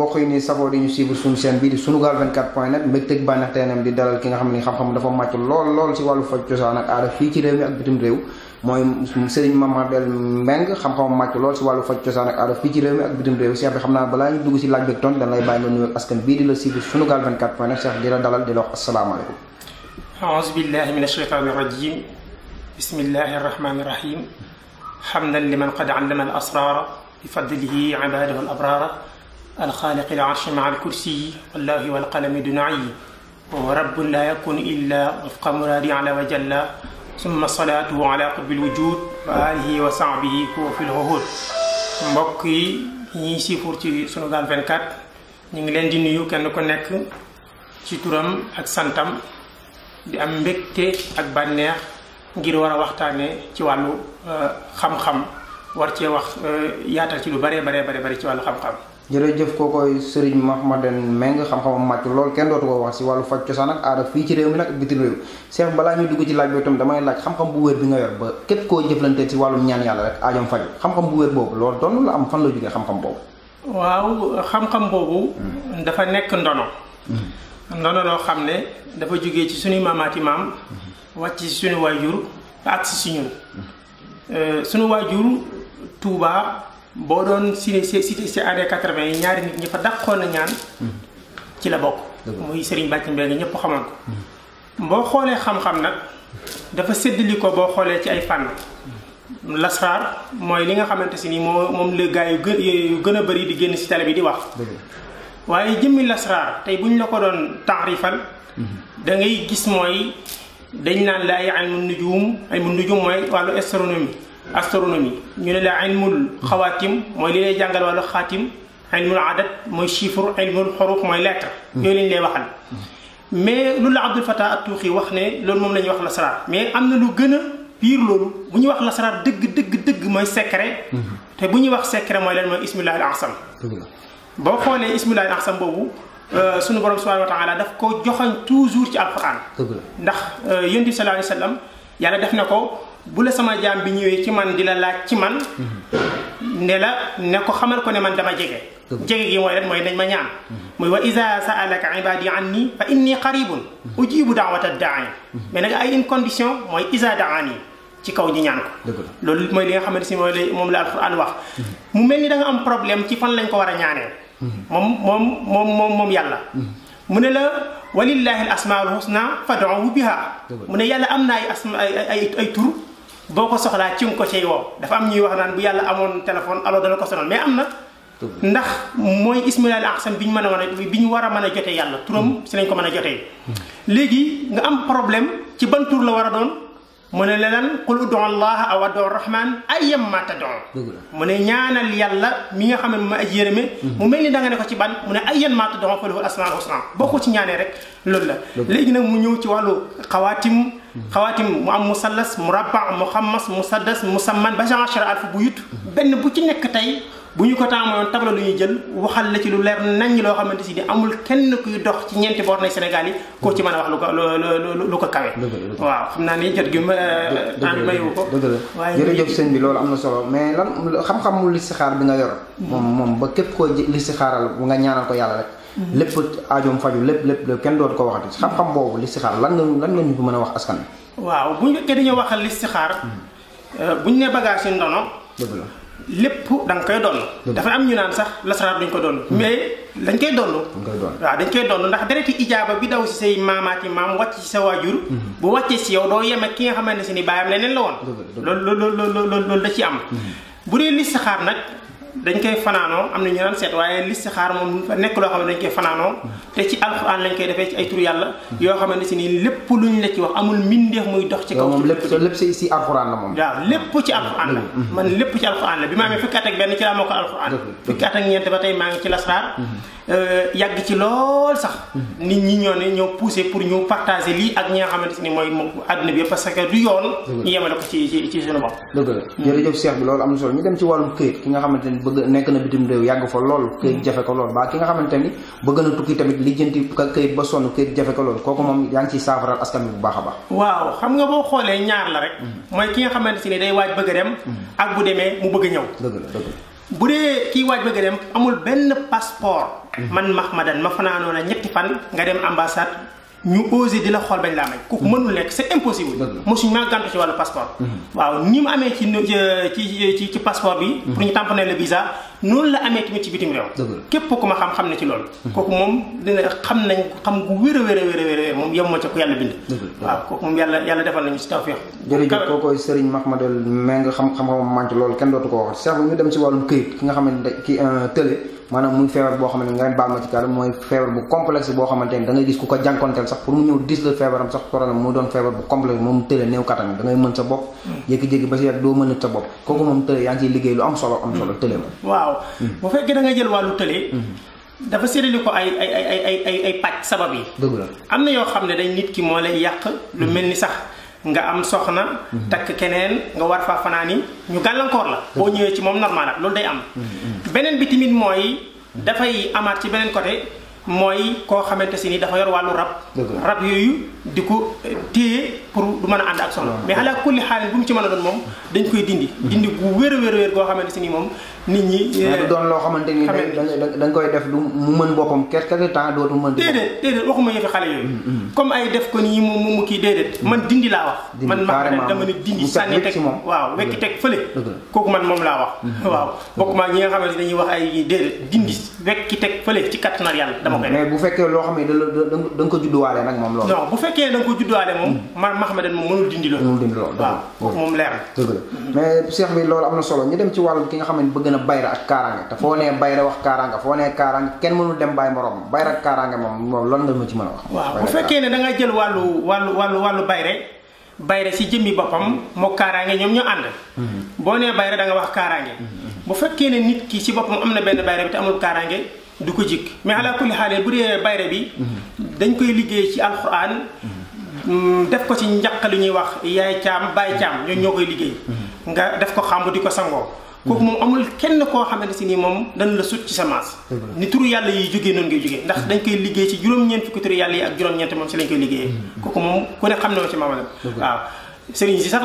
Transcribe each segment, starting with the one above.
mbokk yi nii ñu suivre suñu chaîne bii di Sunugal 24 point net mbégteeg bànneex teenam di dalal ki nga xam ne xam-xam dafa màcc lool lool ci wàllu faj cosaan ak aada fii ci réew mi ak bitim réew Cheikh bi xam naa balaa ñu dugg si laaj beeg tontu dañ bàyyi nga nuyu askan bii di la suivre Sunugal 24 point net Cheikh di la dalal di la wax asalaamaaleykum aouzu billahi min ashaytaani rajim bismillahi rahmani al asrara bi fadlihi ibadahu al alxaaliqi l arshi maa alkursiyi wallaahi walqalami duna ayi wawa rabbun laa yakunu illa wafqa muraadi ala wa jalla summa salaatu ala qutbil wujud wa alihi wa sahbihi huwa fil wuhud mbokk yi ñiy siifur ci Sunugal 24 ñu ngi leen di nuyu kenn ku nekk ci turam ak santam di am mbégte ak bànneex ngir war a waxtaane ci wàllu euh, xam-xam war cee wax euh, yaatal ci lu bare bare bare bare ci wàllu xam-xam jërëjëf koo koy ma Mahmadan Meng xam-xamam màcc lool kenn dootu ko wax si wàllu faj cosaan ak aada fii ci réew mi nag ak réew Cheikh balaa ñuy dugg ci laaj bi tam damay laaj xam-xam bu wér bi nga yor ba képp koo jëflante si wàllum ñaan yàlla rek aajam faju xam-xam bu wér boobu loolu doon la am fan la jógee xam-xam boobu waaw xam-xam boobu hmm. dafa nekk ndono hmm. ndono loo xam ne dafa jógee ci suñu maamaati maam hmm. wàcc ci suñu waajur ba ak si suñu euh, suñu waajur Tuubaa boo doon si cité si année quatre-vingt yi ñaari nit ñi fa dàqoon a ñaan ci la bokk muy Serigne Bàcc Mbeng ñëpp xamoon ko boo xoolee xam-xam nag dafa séddali ko boo xoolee ci ay fànn lasraar mooy li nga xamante si ni moo moom la gaa yu gën yu a bëri di génn si télé bi di wax waaye jëmmi lasraar tey bu ñu la ko doon taarifal mhm. da ngay gis mooy dañ naan la ay ilmu nujum ay mu nujum mooy wàllu astronomie astronomie ñu ne la ilmul xawaatim mooy li lay jàngal wàllu xaatim ilmul adat mooy chiffre ilmul xuruf mooy lettre hmm. yooyu lañ lay waxal mais loolu la Abdul Fattah wax ne loolu moom la ñuy wax lasaraar mais am na lu gën a pire loolu bu ñu wax lasaraar dëgg dëgg dëgg mooy secret hmm. te bu ñuy wax secret mooy lan mooy ismillah al ahsam boo xoolee ismillah al ahsam boobu euh, suñu borom subhanahu wa taala daf ko joxoñ toujours ci alquran ndax euh, yonent bi sallallahu yàlla def na ko bu la sama jaam bi ñëwee ci man di la laaj ci man mhm. ne la ne ko xamal ko ne man dama jege mhm. jege gi mooy lan mooy nañ ma ñaan mhm. mooy wa iza sa'alaka ibadi anni fa inni qaribun ujibu da'wata da'i mais nag ay une condition mooy iza da'ani ci kaw ñi ñaan ko loolu mooy li nga xamante si mooy la moom la alquran wax mu mel ni da am problème ci fan lañ ko war a ñaanee moom moom moom moom moom yàlla mu ne la walillahi al asmaul husna fad'uhu biha mu ne yàlla am na ay ay ay tur boo ko soxlaa ci nga ko ciy woo dafa am ñuy wax naan bu yàlla amoon téléphone alors dana ko sonal mais am na. ndax mooy ismul al aqsam bi ñu mën a mën a bi ñu war a mën a jotee yàlla turam si nañ ko mën a jotee. Hmm. léegi nga am problème ci ban tur la war a doon. mu ne leneen qul ud'u allaha aw ud'u rahman ayyamma tad'u mu ne ñaanal yàlla mi nga xam ne ma aj yërëme mhm. mu mel ni da nga ne ko ci ban mu ne ayyamma tad'u falahu asmaul husna mhm. boo ko ci ñaanee rek loolu la léegi nag mu ñëw ci wàllu xawaatim mhm. xawaatim mu am musallas murabba muxammas mu musamman ba ashara alf bu yut benn bu ci nekk tey bu ñu ko taamoon tabla lu ñuy jël waxal la ci lu leer naññ loo xamante si ni amul kenn kuy dox ci ñeenti borne Sénégal yi koo ci mën a wax ko lu lu ko kawe waaw xam naa ni jot gi ma an mayu ko waaye jërëjëf sëñ bi loolu am na solo mais lan xam-xamu listixaar bi nga yor hmm. moom moom ba képp koo listixaaral nga ñaanal ko yàlla rek hmm. lépp aajoom faju lépp lépp lépp kenn dootu ko waxati xam-xam boobu listixaar lan nga lan nga ñu ko mën a wax askan bi waaw bu ñu ko dañoo waxal listixaar hmm. euh, bu ñu ne bagage yi ndono lépp da nga koy doon. dafa am ñu naan sax lasaraar duñ ko doon. mais dañ koy doon. dañ koy doon dañ koy doon ndax dereti ijaaba bi daw si say maamaati maam wàcc ci sa waajur. Mhm. bu wàccee si yow doo yem ki nga xamante ne si ni baayam leneen la woon. loolu loolu loolu loolu da ci am. Mhm. bu dee listixaar nag. dañ koy fanaanoo am na ñu naan seet waaye saxaar moom nekk loo xam ne dañ koy fanaanoo te ci alxuraan lañ koy defee ci ay tur yàlla yoo xamante si nii lépp luñ la ci wax amul mbindeef muy dox ci kaw moom lépp lépp si alxuraan la moom waaw lépp ci alxuraan la mm-hmm. man lépp ci alxuraan la bi ma amee fukki at ak benn ci laa mokkal alxuraan fukki at ak ñeent ba tey maa ngi ci lasraar mm-hmm. Euh, yàgg ci lool sax. Mhm. nit ñi ñoo ne ñoo poussé pour ñu partager lii ak ñi nga xamante ni mooy àdduna bi parce que du yoon. ñu yemale ko ci suñu bopp. Mm. na solo ñu dem ci wàllum këyit ki nga xamante ni bëgg nekk na bitim réew mm. ki nga xamante ni bëgg tukki tamit li jënti këyit ba sonn këyit jafe ko lool kooku moom yaa ngi a xam nga boo xoolee ñaar la rek. Mm. ki nga xamante ni day waaj bëgg a dem. ak bu demee mu bëgg ñëw. dëgg la dëgg la bu dee kii waaj bëgg dem amul benn passeport Mm-hmm. man mahmadan ma fanaanoon a ñetti fan nga dem ambassade ñu osé di xool bañ laa may kooku mm-hmm. mënul nekk c'est impossible mosuñ maa gàntu ci wàllu passeport mm-hmm. waaw ni mu amee ci ci ci passeport bi pour ñu tamponner le visa noonu la amee tamit ci bitim réew képp ku ma xam xam na ci loolu kooku moom dina xam nañ xam gu wér a wér a wér a wér a ca ku yàlla bind waaw kooku moom yàlla yàlla defal nañu si tawfiq jërëjëf kookoy Serigne Mahmadal mais xam xam-xam maanaam muy feebar boo xamante ne nga leen baal ma ci kàddu mooy feebar bu complexe boo xamante ne da ngay gis ku ko jànkonteel sax pour mu ñëw dis la feebaram sax problème mu doon feebar bu complexe moom tële néew kattan da ngay mën sa bopp jékki-jékki ba si yàgg doo mën a sa bopp kooku moom tële yaa ngi ciy liggéey lu am solo am solo tële moom waaw hmm. bu fekkee da nga jël wàllu tële hmm. dafa séddale ko ay ay ay ay ay sabab yi dëgg la am na yoo xam ne dañ nit ki moo lay yàq lu mel ni sax nga am soxna takk keneen nga war faa fanaani ñu gàllankoor la boo ñëwee ci moom normal loolu day am beneen bi tamit mooy dafay amaat ci beneen côté mooy koo xamante si ni dafa yor wàllu rab rab yooyu di ko eh, téye pour du mën a ànd ak soxna ah. mais ala kulli xaalis bu mu ci mën a doon moom dañ koy dindi dindi gu wér a wér goo xamante si nii moom nit ñi. Eh, du doon loo xamante ni da nga koy def du mu mën boppam quelque temps dootu mën. déedéet waxuma yëfi xale yooyu. Mm, mm. comme ay def ko nii mu mu kii déedéet. Mm. man dindi laa wax. man ma ne dama ne dindi sànni teg waaw wekki teg fële. kooku man moom laa wax. waaw bokkuma ñi nga xamante dañuy wax ay déedéet dindi wekki loo xam ne da da ko judduwaale nag moom loolu. bu fekkee da nga ko judduwaale moom. man Mahamadan moom mënul dindi loolu. mënul dindi loolu moom leer na. la mais Cheikh bi loolu am na solo ñu dem ci wàllu ki nga xam bëgg gën a bayra ak kaaraange te foo nee bayra wax kaaraange foo nee kaaraange kenn mënul dem bàyyi moroom bayra ak kaaraange moom moom lool nga ma ci mën a wax. waaw bu fekkee ne da jël wàllu wàllu wàllu wàllu bayre bayre si jëmmi boppam moo kaaraange ñoom ñoo ànd. Mhm. boo nee bayra da nga wax kaaraange. Mhm, mhm. bu fekkee ne nit ki si boppam am na benn bayre bi te amul kaaraange du ko jik mais ala kulli xaale bu dee bayre bi. dañ koy liggéey ci alxuraan. Mm, def ko ci njaq li ñuy wax yaay caam baay caam ñoo ñoo koy liggéey. nga def ko xàmb di ko sangoo. kooku moom amul kenn koo ne si nii moom dañu la sut ci sa maas ni turu yàlla yi jógee noonu ngay jógee ndax dañ koy liggéey ci juróom-ñeent fukki turu yàlla yi ak juróom-ñeent moom si lañ koy liggéeyee mm. kooku moom ku ne xam na si euh,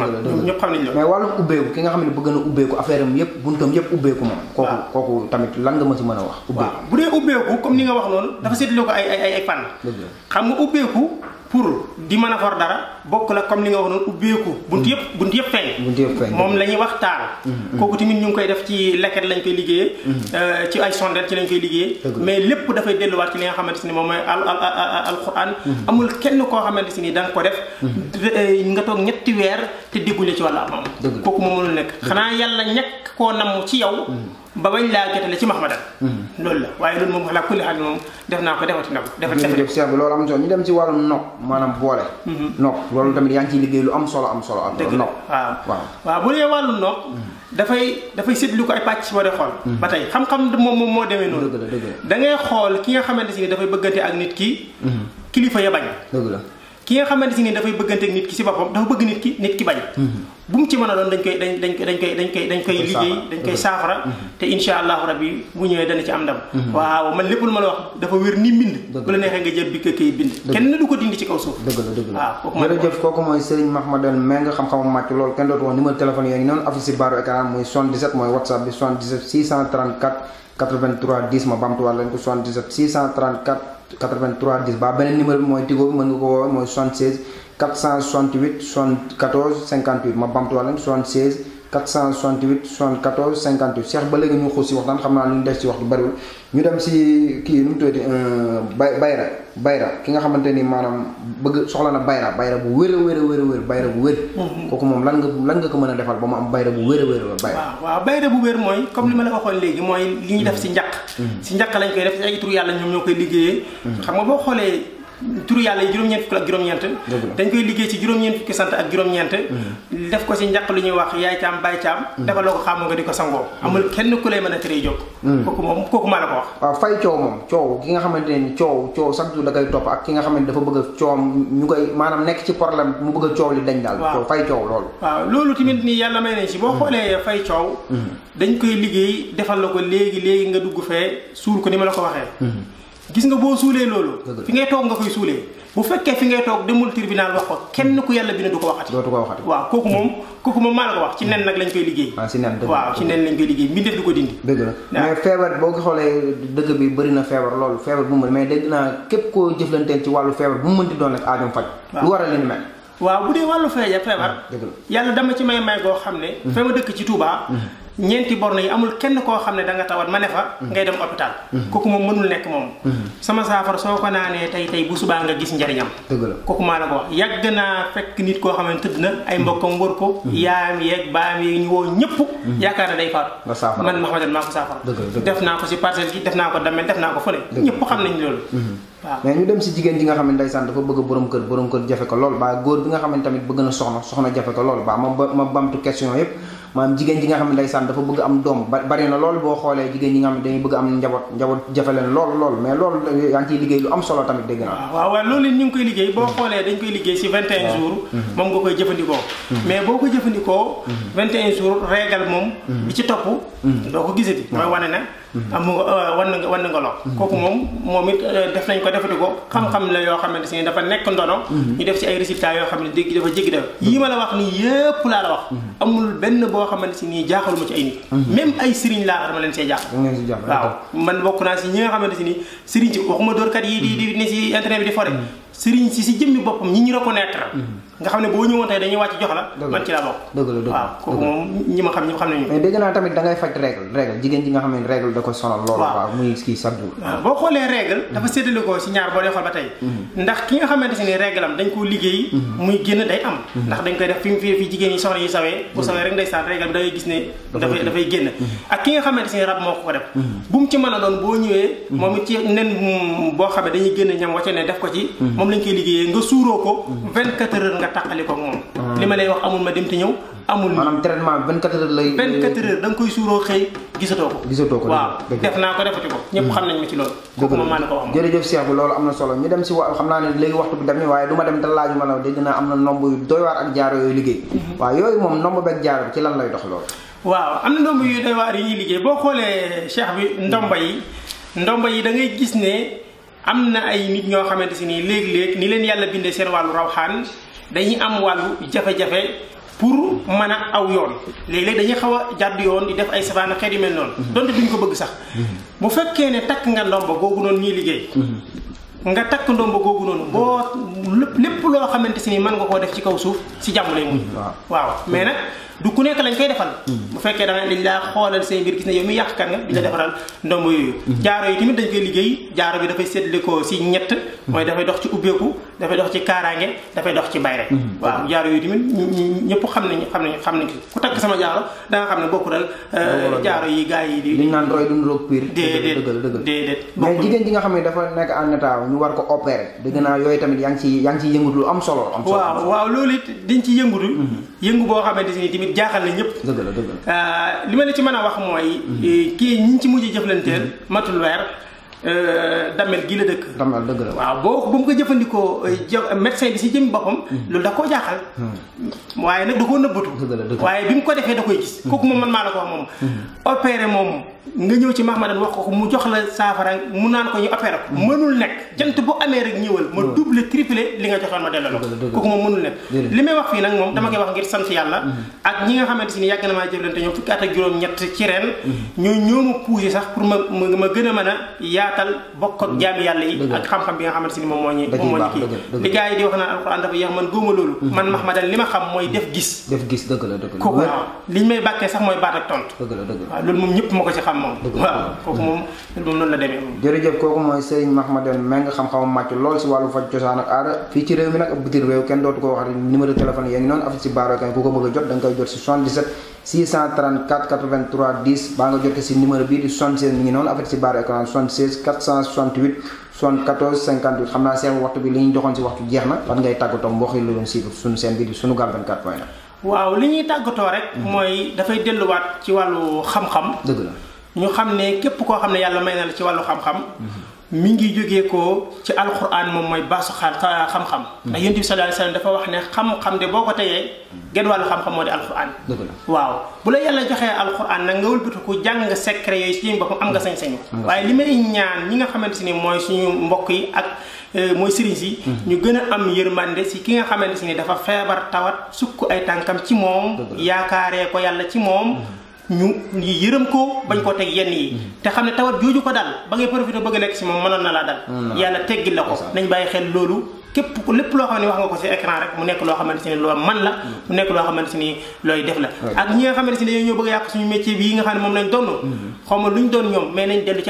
man ñëpp xam ubbeeku ki nga xam ne bëgg na ubbeeku affaire am yëpp buntam yëpp ubbeeku moom kooku kooku tamit lan ma ci mën a wax ubbeeku bu dee ubbeeku comme ni nga wax noonu dafa seetlu ko ay ay ay fànn xam nga ubbeeku pour di mën a for dara bokk la comme li nga wax noonu ubbeeku. bunt yëpp mm. bunt yëpp feeñ. moom la ñuy wax taal. Mm-hmm. kooku tamit ñu ngi koy def ci leket lañ koy liggéeyee. Mm-hmm. Euh, ci ay sondeel ci lañ koy liggéeyee. mais lépp dafay delluwaat ci li nga xamante ne moom mooy al al al alquran. Mm-hmm. amul kenn koo xamante si nii danga ko def. Euh, nga toog ñetti weer te déggule ci wàllu am-am. dëgg la kooku moom mënul nekk xanaa yàlla ñàkk koo namm ci yow. ba bañ laa jotale ci Mahmadan mm-hmm. loolu la waaye loolu moom xalaat kulli xaal moom def naa ko defati na ko defati Cheikh bi loolu am solo ñu dem ci wàllum nopp maanaam boole mm-hmm. nopp loolu tamit yaa ngi ci liggéey lu am solo am solo am nopp waaw waaw waaw bu dee wàllum nopp mm-hmm. dafay dafay séddlu ko ay pàcc boo dee xool ba tey xam-xam moom moom moo demee noonu da ngay xool ki nga xamante si dafay bëggante ak nit ki kilifa ya bañ dëgg la ki nga xamante si ni dafay bëggante nit ki si boppam dafa bëgg nit ki nit ki bañ mm-hmm. bu mu ci mën a doon dañ koy dañ dañ dañ koy liggéey dañ koy saafara mm-hmm. te insha allahu rabbi bu ñëwee dana ci am ndam mm-hmm. waaw man lépp lu ma la wax dafa wér ni mbind bu la neexee nga jël bi ka kay bind kenn du ko dindi ci kaw suuf dëgg la dëgg la waaw jërëjëf kooku mooy Serigne Mahmadane Mbengue xam-xamam màcc loolu kenn dootu wax numéro téléphone yooyu noonu affiche si baaru 83 10 ma bamtuwaat leen ko 77 634 83 10 ba beneen numéro bi mooy Tigo bi mën nga ko woowee mooy 76 468 74 58 ma bamtuwaat leen 76. 468 74 58 Cheikh ba léegi ñu xuus si waxtaan xam naa lu ñu des ci wax du bariwul ñu dem si kii nu mu tuddati euh, bay bayra bayra bu wér a wér a wér a wér bayra bu wér mm-hmm. kooku moom lan lan nga ko mën a ba mu am bayra bu wér a wér a bayra waaw bayra bu wér mooy comme li ma la waxoon léegi mooy li ñuy def si mm-hmm. njaq si mm-hmm. njaq lañ koy def si yàlla ñoom ñoo koy liggéeyee xam nga boo xoolee turu yàlla yi juróom-ñeent fukk ak dañ koy liggéey ci juróom-ñeent fukki sant ak juróom-ñeent mm-hmm. def ko ci njaq lu ñuy wax yaay caam baay caam mm-hmm. dafa loo ko xamoo nga di ko sa sangoo mm-hmm. amul kenn ku lay mën a tëree jóg kooku moom kooku maa wax waaw fay coow moom coow nga xamante ne coow coow sax du da koy topp ak ki nga xamante dafa bëgg a ñu koy maanaam nekk ci problème mu bëgg a coow li dañ daal waaw fay coow loolu waaw loolu tamit nii yàlla may nañ si boo xoolee fay coow dañ koy liggéey defal la ko léegi léegi nga dugg fee suur ko ni ma la ko waxee gis nga boo suulee loolu. fi ngay toog nga koy suulee bu fekkee fi ngay toog demul tribunal wax ko kenn ku yàlla bi ne du ko waxati. dootu ko waxati waaw kooku moom kooku moom maa la ko wax ci nen nag lañ koy liggéey. Ah, waaw ci nen dëgg waaw lañ koy liggéey mbindeef du ko dindi. dëgg la mais feebar boo ko xoolee dëgg bi bëri na feebar loolu feebar bu mu mën mais dégg naa képp koo jëflanteel ci wàllu feebar bu mu mënti doon rek aajam faj. lu war a leen mel. waaw bu dee wàllu feeja feebar. Ah, yàlla dama ci may may goo xam ne. Mm-hmm. fa ma dëkk ci mm-hmm. ñeenti borne yi amul kenn koo xam ne da nga tawat ma ne fa mhm. ngay dem hôpital mhm. kooku moom mënul nekk moom mhm. sama saafara soo ko naanee tey tey bu subaa nga gis njariñam dëgg la kooku maa la ko wax yàgg naa fekk nit koo xam ne tëdd na ay mbokkam wër ko yaam yeeg baam yeeg ñu woo ñëpp yaakaar na day faatu man Mouhamadou maa ko saafara def naa ko si parcelle gi def naa ko damel def naa ko fële ñëpp xam nañ loolu waaw mais ñu dem si ji lool ba góor bi nga xam ne tamit bëgg soxna soxna jafe ko lool ba ma bamtu question yépp maanaam jigéen ji nga xam ne ndeysaan dafa bëgg am doom bari na lool boo xoolee jigéen ñi nga xam ne dañuy bëgg am njaboot njaboot jafe leen lool lool mais loolu yaa ngi liggéey lu am solo tamit dégg naa ah, waaw loolu ñu ngi koy liggéey boo xoolee dañ koy liggéey si 21 jours mm-hmm. moom nga koy jëfandikoo mm-hmm. mais boo ko jëfandikoo 21 mm-hmm. jours régal moom bi ci topp doo ko gisati mooy wane na amu ah, ah, wann nga wann nga lo kooku moom moom it euh, def nañ ko defati ko xam-xam la yoo xamante si dafa nekk ndono mhm. ñu def ci ay résultats yoo xam ne dégg dafa jéggi dafa yii ma la wax nii yëpp laa la wax mhm. amul benn boo xamante si nii jaaxalu ma ci ay nit mhm. même ay sëriñ laa dama leen see jaaxal waaw man bokk naa si ñi nga xamante si nii sëriñ si waxuma dóorkat yi di di ne si internet bi di fore sëriñ si si jëmmi boppam ñi ñu reconnaître nga xam ne boo ñëwoon tey dañuy wàcc jox la man ci laa bokk dëgg la dëgg la waaw kooku moom ñi ma xam ñi xam nañu mais dégg naa tamit da ngay faj règle règle jigéen ji nga xam ne règle da ko sonal loolu waaw muy kii chaque jour waaw boo xoolee règle dafa séddale ko si ñaar boo dee xool ba tey mm-hmm. ndax ki nga xamante si ni règle am dañ koo liggéey mm-hmm. muy génn day am mm-hmm. ndax dañ koy def fi mu fi jigéen yi soxna yi sawee bu sawee rek ndeysaan règle bi da ngay gis ne dafay dafay génn ak ki nga xamante si ni rab moo ko def bu mu ci mën a doon boo ñëwee moom ci nen boo xam ne dañuy génn ñam wacce ne def ko ci moom lañ koy liggéeyee nga suuroo ko 24 heures nga tàqali ko moom li ma lay wax amul ma dem te ñëw amul maanaam traitement bi 24 lay 24 heures da koy suuroo xëy gisatoo ko gisatoo ko waaw def naa ko defati ko ñëpp xam nañ ma ci loolu ko na solo ñu dem si xam naa ne léegi waxtu bi dem waaye du ma dem te laaju ma la dégg naa am na nomb yu mhm. moom nomb beeg jaaro bi ci boo xoolee Cheikh bi ndomba yi ndomba yi da ngay gis ne am na ay nit ñoo xamante si nii léeg-léeg ni leen yàlla bindee seen wàllu rawxaan dañuy am wàllu jafe-jafe pour mën a aw yoon léegi léeg dañuy xaw a jàdd yoon di def ay safaan xeet yu mel noonu mhm. donte duñ ko bëgg sax mhm. bu fekkee ne takk nga ndomba googu noonu ñuy liggéey mhm. nga takk ndomba googu noonu boo lépp lépp loo xamante si ni mën nga koo def ci kaw suuf si jàmm lay mujj waaw mais nag du ku nekk lañ koy defal mm. bu fekkee da nga dañ laa xoolal say mbir gis ne yow mi yàqkat nga di la mm. defaral ndomb yooyu mm. jaaro yi tamit dañ koy liggéey jaaro bi dafay séddale ko ci ubbeeku dafay dox ci kaaraange dafay dox ci ñëpp xam nañ xam nañ xam nañ ku takk sama jaaro da nga xam ne bokku dal euh, jaaro yi gars yi di liñ naan roy duñ roog piir déedéet déedéet mais jigéen ji nga xam ne dafa nekk en état ñu war ko opérer dëgg naa yooyu tamit yaa ngi ci yaa ngi ci yëngutu am solo am solo waaw loolu dañ ci yëngutu mm-hmm. yëngu boo xamante ni jaaxal na ñëpp. dëgg la dëgg la euh, li ma la ci mën a wax mooy. Mm-hmm. Eh, kii ñi ci mujj jëflanteel. Mm-hmm. matul weer. Euh, damel gii la dëkk. damel dëgg la waaw boo ba mu ko jëfandikoo mm-hmm. euh, jë médecin bi si jëm boppam. loolu da koo jaaxal. waaye nag da koo nëbbatu. waaye bi mu ko defee da koy gis. kooku ma man maa la ko wax moom. opéré moom nga ñëw ci Mahmadan wax ko mu jox la saafara mu naan ko ñu opéré ko hmm. mënul nekk jant bu amee rek ñëwal ma hmm. double triplé li nga ma delloo kooku moom mënul nekk li may wax fii nag moom dama koy wax hmm. ngir sant yàlla ak ñi nga xamante si ni yàgg na maa ma poussé ma a a yaatal bokk ak jaami yàlla yi ak xam-xam bi nga xamante si ni moom moo loolu ma xam mooy def mooy baat ak tontu dëgg la dëgg la waaw loolu moom ñëpp ma ko ci xam xam moom waaw kooku moom nit moom noonu la demee moom jërëjëf kooku mooy Serigne Mahmadane Mbengue xam-xamam màcc lool si wàllu faj cosaan ak aada fii ci réew mi nag ak bitim réew kenn dootu ko wax numéro téléphone yaa ngi nga jot si 77 634 83 10 baa nga jot si numéro waaw li ñuy tàggatoo rek. Mm-hmm. mooy dafay delluwaat ci wàllu xam-xam. dëgg la. ñu xam ne képp koo xam ne yàlla may na la ci wàllu xam-xam mi ngi jógee ko ci alxuraan moom mooy baasu xam-xam ndax yonent bi sallallahu alayhi wasallam dafa wax ne xam-xam de boo ko teyee gen wàllu xam-xam moo di alxuraan waaw bu la yàlla joxee alxuraan nag nga wëlbatu ko jàng secret yooyu si yéen boppam am nga sañ-sañu waaye li may ñaan ñi nga xamante si ni mooy suñu mbokk yi ak euh, mooy sëriñ si ñu gën a am yërmande si ki nga xamante si ni dafa feebar tawat sukk ay ci moom yàlla ci moom ñu ñu yërëm ko bañ koo teg yenn yi mm-hmm. te xam ne tawat jooju ko daal ba ngay profité bëgg nekk si moom mënoon na laa dal mm-hmm. yàlla teggil la ko nañ bàyyi lépp loo xam ne wax nga ko si loo xamante ni loo man la mm-hmm. mu nekk ni looy def la ak ñi nga xamante ni dañoo ñoo bëgg a yàq suñu métier bi ne moom lañ doon xaw ma luñ doon ñoom mais nañ dellu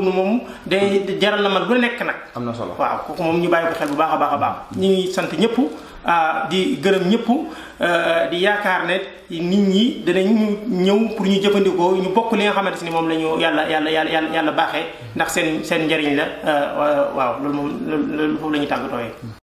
moom day na man lu nekk nag am na solo waaw kooku moom ñu bàyyi ko xel bu baax a baax a baax ñu ngi sant ñëpp Ah, di gërëm ñëpp ah, di yaakaar ne nit ñi danañ ñëw pour ñu jëfandikoo ñu bokk li nga xamante ni moom la ñu yàlla yàlla yàlla yàlla baaxee ndax seen seen njariñ la ah, waaw loolu moom loolu foofu la ñuy tàggatoo